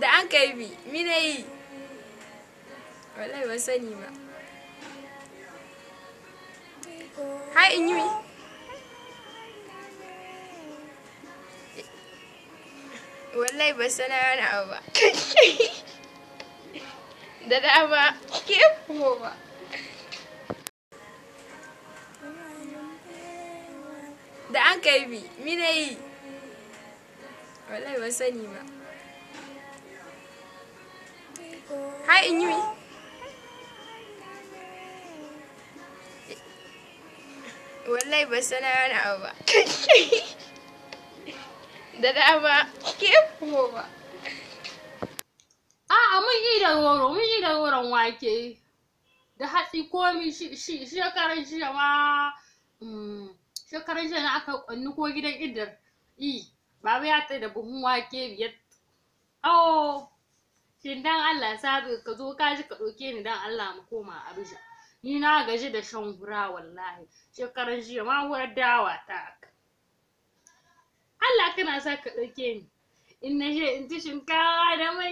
da an kai bi mina yi wallahi ba sani ba hai in yi wallahi ba sana wani abu ba da dama ke ba da an kai bi mina yi wallahi ba sani ba Hi, Inui. Wallahi ba sana wani abu ba. Da dama ke ba. A'a mun yi da woro, mun yi da wake. Da hatsi komi shekaran jiya ma na aka kwanni ko gidan idar. I, baba ya tsaye da buhun wake biyar. Oh, shin dan Allah sabi ka zo ka ji ka ɗauke ni dan Allah mu koma Abuja ni na gaji da shan hura wallahi shekaran jiya ma hurar dawa ta Allah kana sa ka ɗauke ni in na je in ci shinkawa da mai